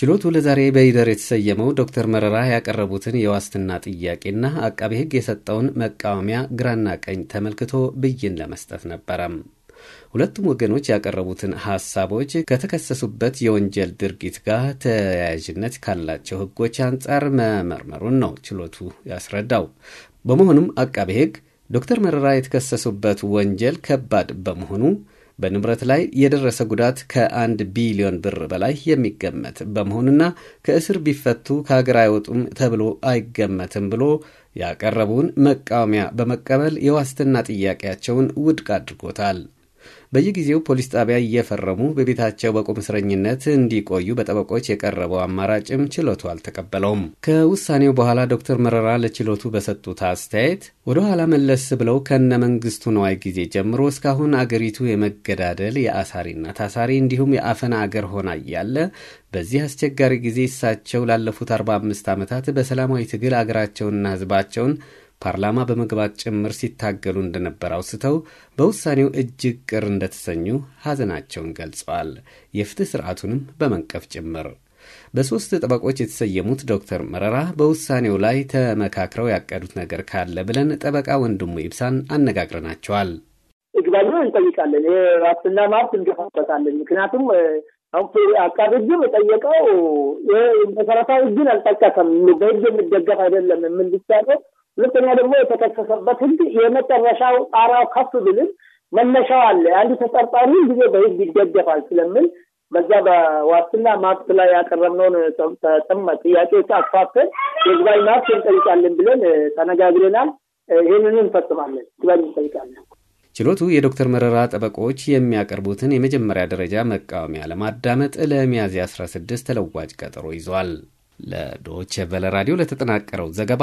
ችሎቱ ለዛሬ በይደር የተሰየመው ዶክተር መረራ ያቀረቡትን የዋስትና ጥያቄና አቃቤ ሕግ የሰጠውን መቃወሚያ ግራና ቀኝ ተመልክቶ ብይን ለመስጠት ነበረም። ሁለቱም ወገኖች ያቀረቡትን ሀሳቦች ከተከሰሱበት የወንጀል ድርጊት ጋር ተያያዥነት ካላቸው ሕጎች አንጻር መመርመሩን ነው ችሎቱ ያስረዳው። በመሆኑም አቃቤ ሕግ ዶክተር መረራ የተከሰሱበት ወንጀል ከባድ በመሆኑ በንብረት ላይ የደረሰ ጉዳት ከአንድ ቢሊዮን ብር በላይ የሚገመት በመሆኑና ከእስር ቢፈቱ ከሀገር አይወጡም ተብሎ አይገመትም ብሎ ያቀረቡን መቃወሚያ በመቀበል የዋስትና ጥያቄያቸውን ውድቅ አድርጎታል። በየጊዜው ፖሊስ ጣቢያ እየፈረሙ በቤታቸው በቁም እስረኝነት እንዲቆዩ በጠበቆች የቀረበው አማራጭም ችሎቱ አልተቀበለውም። ከውሳኔው በኋላ ዶክተር መረራ ለችሎቱ በሰጡት አስተያየት ወደ ኋላ መለስ ብለው ከነ መንግስቱ ነዋይ ጊዜ ጀምሮ እስካሁን አገሪቱ የመገዳደል የአሳሪና ታሳሪ እንዲሁም የአፈና አገር ሆና እያለ በዚህ አስቸጋሪ ጊዜ እሳቸው ላለፉት 45 ዓመታት በሰላማዊ ትግል አገራቸውንና ህዝባቸውን ፓርላማ በመግባት ጭምር ሲታገሉ እንደነበር አውስተው በውሳኔው እጅግ ቅር እንደተሰኙ ሐዘናቸውን ገልጸዋል። የፍትህ ስርዓቱንም በመንቀፍ ጭምር በሶስት ጠበቆች የተሰየሙት ዶክተር መረራ በውሳኔው ላይ ተመካክረው ያቀዱት ነገር ካለ ብለን ጠበቃ ወንድሙ ይብሳን አነጋግረናቸዋል። ይግባኝ እንጠይቃለን፣ ዋስትና መብት እንገፋበታለን። ምክንያቱም አቃቤ ሕግም የጠየቀው መሰረታዊ ሕግን አልጠቀሰም። በሕግ የሚደገፍ አይደለም የምንዲቻለው ሁለተኛ ደግሞ የተከሰሰበት ህግ የመጨረሻው ጣራው ከፍ ብልም መነሻው አለ። አንድ ተጠርጣሪ ጊዜ በህግ ይደገፋል ስለምን በዛ በዋስትና መብት ላይ ያቀረብነውን ተጠመ ጥያቄዎች አስፋፍተን የግባይ መብት እንጠይቃለን ብለን ተነጋግረናል። ይህንን እንፈጽማለን። ይግባኝ እንጠይቃለን። ችሎቱ የዶክተር መረራ ጠበቆች የሚያቀርቡትን የመጀመሪያ ደረጃ መቃወሚያ ለማዳመጥ ለሚያዝያ 16 ተለዋጭ ቀጠሮ ይዟል። ለዶቼ ቨለ ራዲዮ ለተጠናቀረው ዘገባ